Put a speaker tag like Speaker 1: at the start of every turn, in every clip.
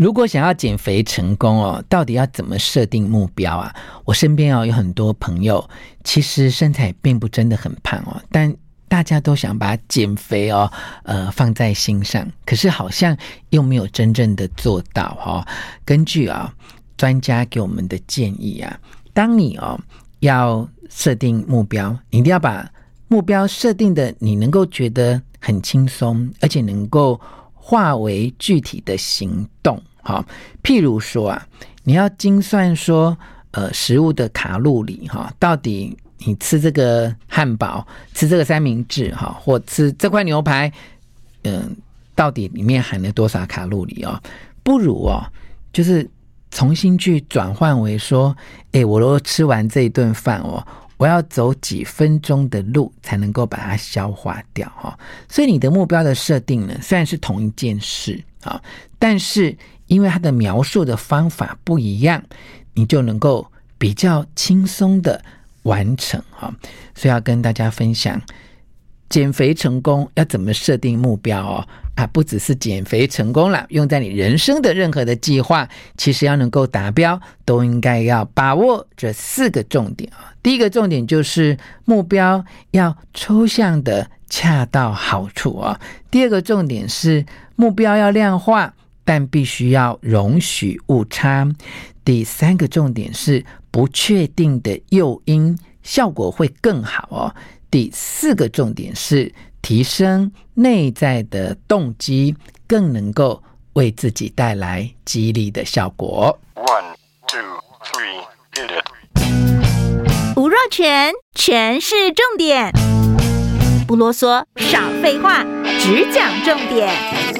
Speaker 1: 如果想要減肥成功哦，到底要怎麼設定目標啊？我身邊哦有很多朋友，其實身材並不真的很胖哦，但大家都想把減肥哦，呃，放在心上，可是好像又沒有真正的做到哦。根據啊專家給我們的建議啊，當你哦要設定目標，你一定要把目標設定的你能夠覺得很輕鬆，而且能夠化為具體的行動。好、哦，譬如說啊，你要精算說，呃，食物的卡路里哈、哦，到底你吃這個漢堡、吃這個三明治哈、哦，或吃這塊牛排，嗯，到底裡面含了多少卡路里哦？不如哦，就是重新去轉換為說，哎、欸，我如果吃完這一頓飯哦，我要走幾分鐘的路才能夠把它消化掉哈、哦。所以你的目標的設定呢，雖然是同一件事。好，但是因為它的描述的方法不一樣，你就能夠比較輕鬆的完成哈，所以要跟大家分享。減肥成功要怎麼設定目標哦？啊，不只是減肥成功了，用在你人生的任何的計劃，其實要能夠達標，都應該要把握這四個重點啊。第一個重點就是目標要抽象的恰到好處哦，第二個重點是目標要量化，但必須要容許誤差。第三個重點是不確定的誘因，效果會更好哦。第四個重點是提升內在的動機，更能夠為自己帶來激勵的效果。One two three get it。吳若權，全是重點，不囉嗦，少廢話，只講重點。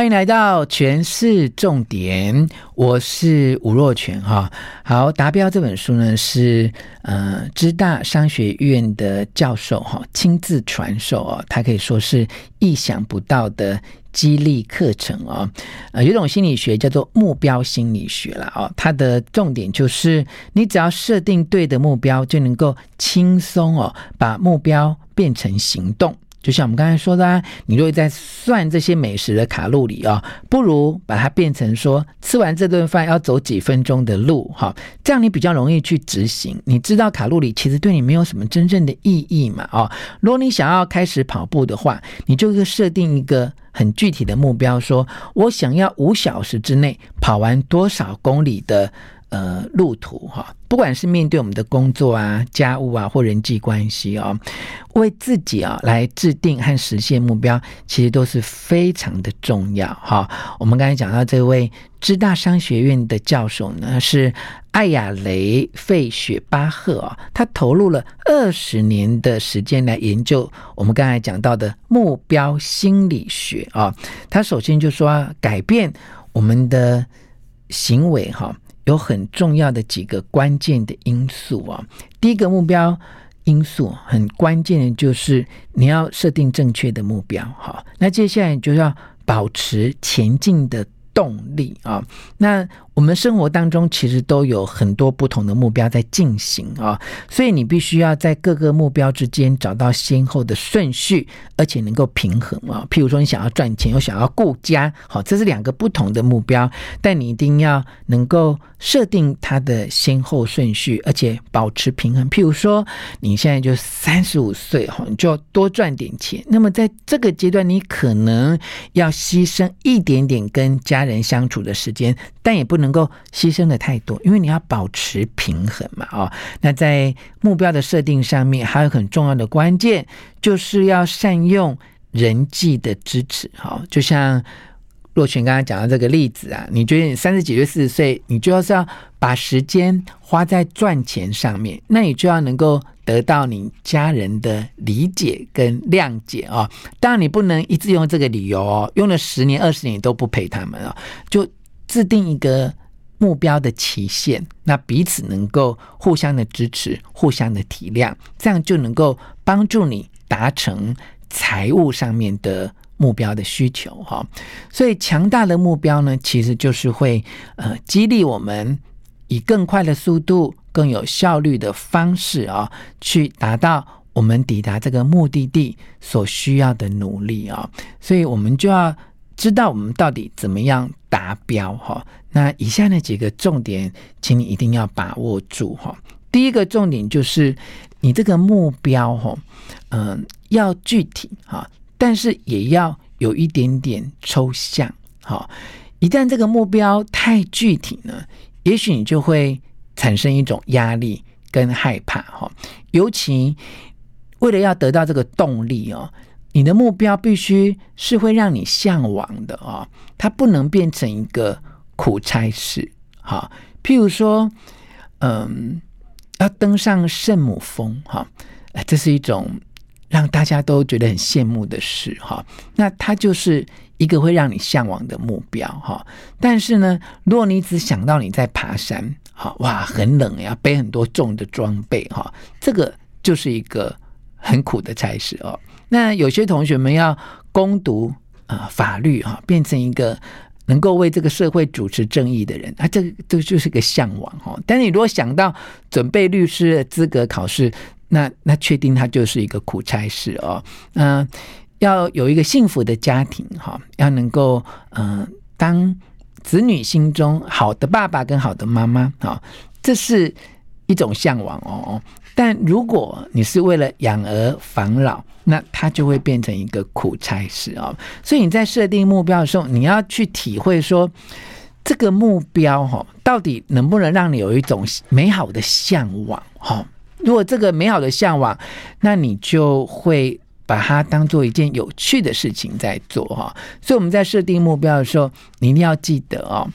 Speaker 1: 歡迎來到權式重點，我是吳若權哈。好，達標這本書呢，是呃，芝大商學院的教授哈親自傳授哦，他可以說是意想不到的激勵課程哦，呃，有一種心理學叫做目標心理學了哦，它的重點就是你只要設定對的目標，就能夠輕鬆哦把目標變成行動。就像我們剛才說的啊，你如果在算這些美食的卡路里哦，不如把它變成說，吃完這頓飯要走幾分鐘的路，哈，哦，這樣你比較容易去執行。你知道卡路里其實對你沒有什麼真正的意義嘛，哦，如果你想要開始跑步的話，你就是設定一個很具體的目標說，說我想要五小時之內跑完多少公里的。呃，路途哈、哦，不管是面對我們的工作啊、家務啊，或人際關係哦，為自己啊來制定和實現目標，其實都是非常的重要哈、哦。我們剛才講到這位芝大商學院的教授呢，是艾雅蕾費雪巴赫啊、哦，他投入了二十年的時間來研究我們剛才講到的目標心理學啊。他、哦、首先就說、啊，改變我們的行為哈。哦有很重要的幾個關鍵的因素啊、哦，第一個目標因素很關鍵的就是你要設定正確的目標。好，那接下來就要保持前進的動力啊、哦，那我們生活當中其實都有很多不同的目標在進行啊、哦，所以你必須要在各個目標之間找到先後的順序，而且能夠平衡啊、哦。譬如說，你想要賺錢，又想要顧家，好、哦，這是兩個不同的目標，但你一定要能夠設定它的先後順序，而且保持平衡。譬如說，你現在就三十五歲，好，你就要多賺點錢，那麼在這個階段，你可能要犧牲一點點跟家。人相處的時間，但也不能夠犧牲的太多，因為你要保持平衡嘛。哦，那在目標的設定上面，還有很重要的關鍵，就是要善用人際的支持。好，就像。若權剛才講到這個例子啊，你覺得你三十幾歲、四十歲，你就要是要把時間花在賺錢上面，那你就要能夠得到你家人的理解跟諒解啊、哦。當然，你不能一直用這個理由哦，用了十年、二十年你都不陪他們哦，就制定一個目標的期限，那彼此能夠互相的支持、互相的體諒，這樣就能夠幫助你達成財務上面的。目標的需求哈，所以強大的目標呢，其實就是會呃激勵我們以更快的速度、更有效率的方式啊、哦，去達到我們抵達這個目的地所需要的努力啊、哦。所以我們就要知道我們到底怎麼樣達標哈、哦。那以下那幾個重點，請你一定要把握住哈、哦。第一個重點就是，你這個目標哈，嗯、呃，要具體哈。哦但是也要有一點點抽象，好、哦。一旦這個目標太具體呢，也許你就會產生一種壓力跟害怕，哈、哦。尤其為了要得到這個動力哦，你的目標必須是會讓你嚮往的啊、哦，它不能變成一個苦差事，哈、哦，譬如說，嗯，要登上聖母峰，哈、哦，這是一種。讓大家都覺得很羨慕的事，哈，那它就是一個會讓你向往的目標，哈。但是呢，如果你只想到你在爬山，哇，很冷呀，要背很多重的裝備，哈，這個就是一個很苦的差事哦。那有些同學們要攻讀啊法律，哈，變成一個能夠為這個社會主持正義的人，啊，這，這就是一個向往哦。但你如果想到準備律師的資格考試，那那確定它就是一個苦差事哦。嗯、呃，要有一個幸福的家庭哈、哦，要能夠嗯、呃，當子女心中好的爸爸跟好的媽媽哈，這是一種向往哦。但如果你是為了養兒防老，那它就會變成一個苦差事哦。所以你在設定目標的時候，你要去體會說，這個目標哈、哦，到底能不能讓你有一種美好的向往哈？哦如果這個美好的嚮往，那你就會把它當做一件有趣的事情在做哈。所以我們在設定目標的時候，你一定要記得哦，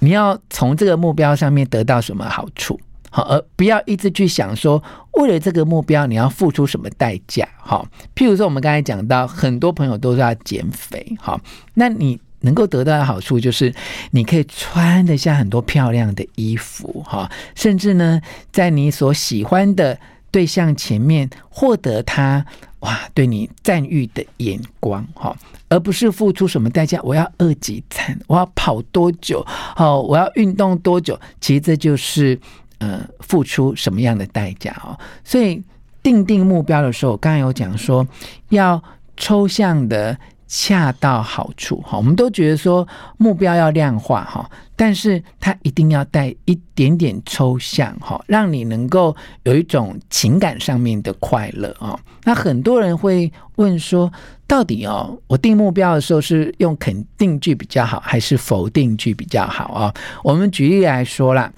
Speaker 1: 你要從這個目標上面得到什麼好處，好，而不要一直去想說，為了這個目標你要付出什麼代價哈。譬如說我們剛才講到，很多朋友都是要減肥哈，那你。能夠得到的好處就是，你可以穿得下很多漂亮的衣服哈，甚至呢，在你所喜歡的對象前面獲得他哇對你讚譽的眼光哈，而不是付出什麼代價。我要餓幾餐，我要跑多久，哦，我要運動多久，其實這就是、呃、付出什麼樣的代價哦。所以定定目標的時候，剛才有講說要抽象的。恰到好處哈，我們都覺得說目標要量化哈，但是它一定要帶一點點抽象哈，讓你能夠有一種情感上面的快樂啊。那很多人會問說，到底哦，我定目標的時候是用肯定句比較好，還是否定句比較好啊？我們舉例來說啦，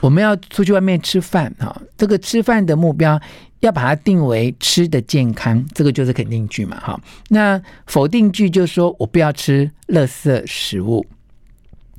Speaker 1: 我們要出去外面吃飯哈，這個吃飯的目標。要把它定為吃的健康，這個就是肯定句嘛，哈，那否定句就是說我不要吃垃圾食物，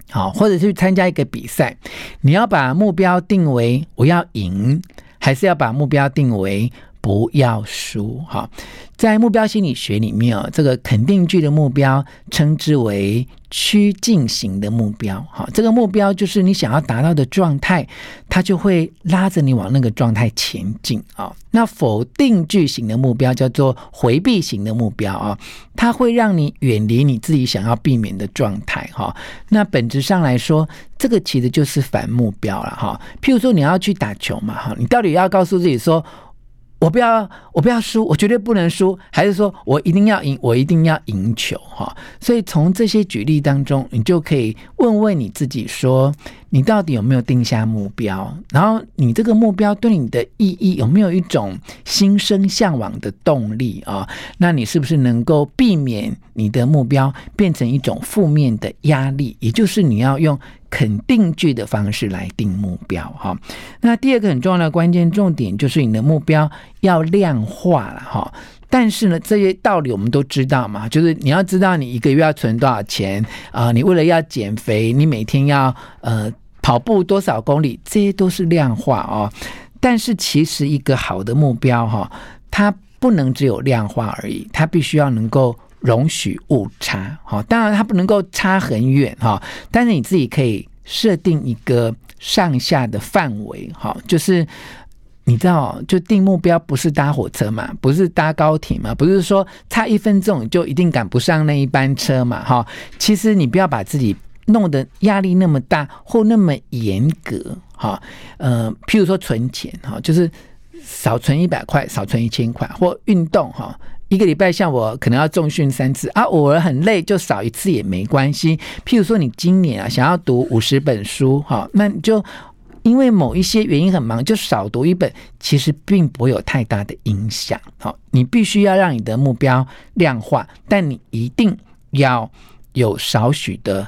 Speaker 1: 好，或者去參加一個比賽，你要把目標定為我要贏，還是要把目標定為？不要輸哈，在目標心理學裡面啊，這個肯定句的目標稱之為趨近型的目標哈，這個目標就是你想要達到的狀態，它就會拉着你往那個狀態前進啊。那否定句型的目標叫做回避型的目標啊，它會讓你遠離你自己想要避免的狀態哈。那本質上來說，這個其實就是反目標了哈。譬如說你要去打球嘛哈，你到底要告訴自己說，我不要，我不要輸，我絕對不能輸，還是說我一定要贏，我一定要贏球哈。所以從這些舉例當中，你就可以問問你自己說，你到底有沒有定下目標？然後你這個目標對你的意義有沒有一種心生向往的動力啊？那你是不是能夠避免你的目標變成一種負面的壓力？也就是你要用肯定句的方式來定目標哈。那第二個很重要的關鍵重點就是你的目標要量化了哈。但是呢，這些道理我們都知道嘛，就是你要知道你一個月要存多少錢啊，呃，你為了要減肥，你每天要呃。跑步多少公里，這些都是量化哦。但是其實一個好的目標哈、哦，它不能只有量化而已，它必須要能夠容許誤差。哈、哦，當然它不能夠差很遠哈、哦。但是你自己可以設定一個上下的範圍。哈、哦，就是你知道，就定目標不是搭火車嘛，不是搭高鐵嘛，不是說差一分鐘就一定趕不上那一班車嘛。哈、哦，其實你不要把自己。弄得壓力那麼大或那麼嚴格哈，呃，譬如說存錢哈，就是少存一百塊，少存一千塊或運動哈，一個禮拜像我可能要重訓三次啊，偶爾很累就少一次也沒關係。譬如說你今年啊想要讀五十本書哈，那你就因為某一些原因很忙就少讀一本，其實並不會有太大的影響。哈，你必須要讓你的目標量化，但你一定要有少許的。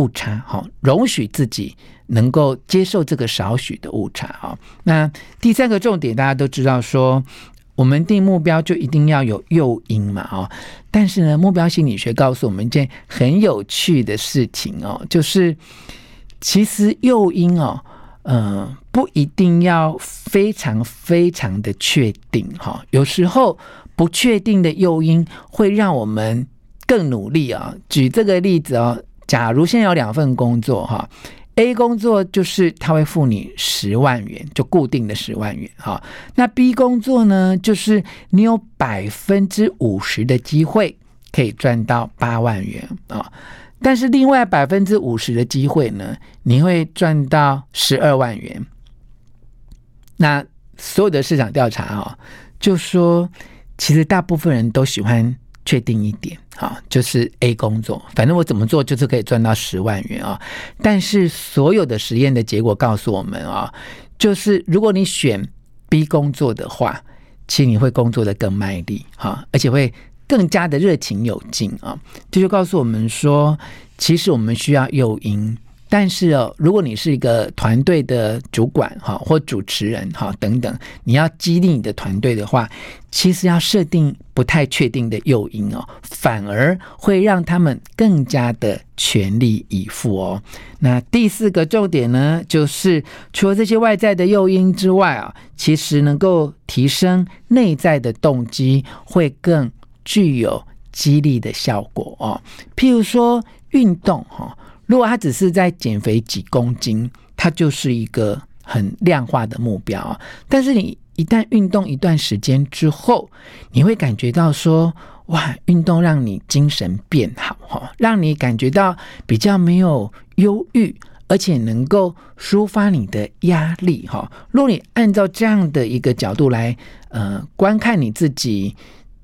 Speaker 1: 誤差，好，容許自己能夠接受這個少許的誤差啊。那第三個重點，大家都知道說，說我們定目標就一定要有誘因嘛。但是呢，目標心理學告訴我們一件很有趣的事情哦、喔，就是其實誘因哦、喔，嗯、呃，不一定要非常非常的確定哈。有時候不確定的誘因會讓我們更努力啊、喔。舉這個例子哦、喔。假如現在有兩份工作哈，A 工作就是他會付你十萬元，就固定的十萬元哈。那 B 工作呢，就是你有百分之五十的機會可以賺到八萬元啊，但是另外百分之五十的機會呢，你會賺到十二萬元。那所有的市場調查哈，就說其實大部分人都喜歡。確定一點啊，就是 A 工作，反正我怎麼做就是可以賺到十萬元啊。但是所有的實驗的結果告訴我們啊，就是如果你選 B 工作的話，其實你會工作的更賣力哈，而且會更加的熱情有勁啊。這就，就告訴我們說，其實我們需要誘因。但是哦，如果你是一個團隊的主管哈、哦，或主持人哈、哦、等等，你要激勵你的團隊的話，其實要設定不太確定的誘因哦，反而會讓他們更加的全力以赴哦。那第四個重點呢，就是除了這些外在的誘因之外啊、哦，其實能夠提升內在的動機會更具有激勵的效果哦。譬如說運動哈、哦。如果他只是在減肥幾公斤，他就是一個很量化的目標。但是你一旦運動一段時間之後，你會感覺到說，哇，運動讓你精神變好哈，讓你感覺到比較沒有憂鬱，而且能夠抒發你的壓力哈。如果你按照這樣的一個角度來呃觀看你自己，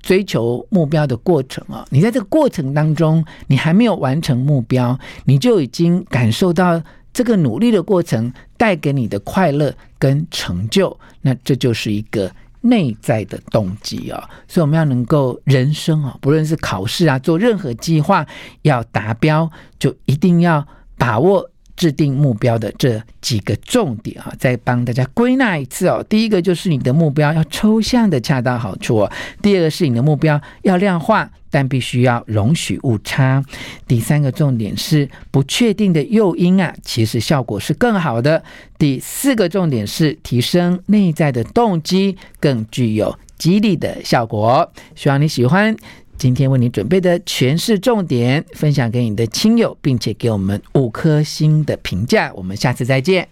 Speaker 1: 追求目標的過程啊，你在這個過程當中，你還沒有完成目標，你就已經感受到這個努力的過程帶給你的快樂跟成就，那這就是一個內在的動機哦。所以我們要能夠人生啊，不論是考試啊，做任何計劃要達標，就一定要把握制定目標的這幾個重點啊，哦，再幫大家歸納一次哦。第一個就是你的目標要抽象的恰到好處，哦；第二個是你的目標要量化，但必須要容許誤差。第三個重點是不確定的誘因啊，其實效果是更好的。第四個重點是提升內在的動機，更具有激勵的效果。希望你喜歡。今天為你準備的權式重點，分享給你的親友，並且給我們五顆星的評價。我們下次再見。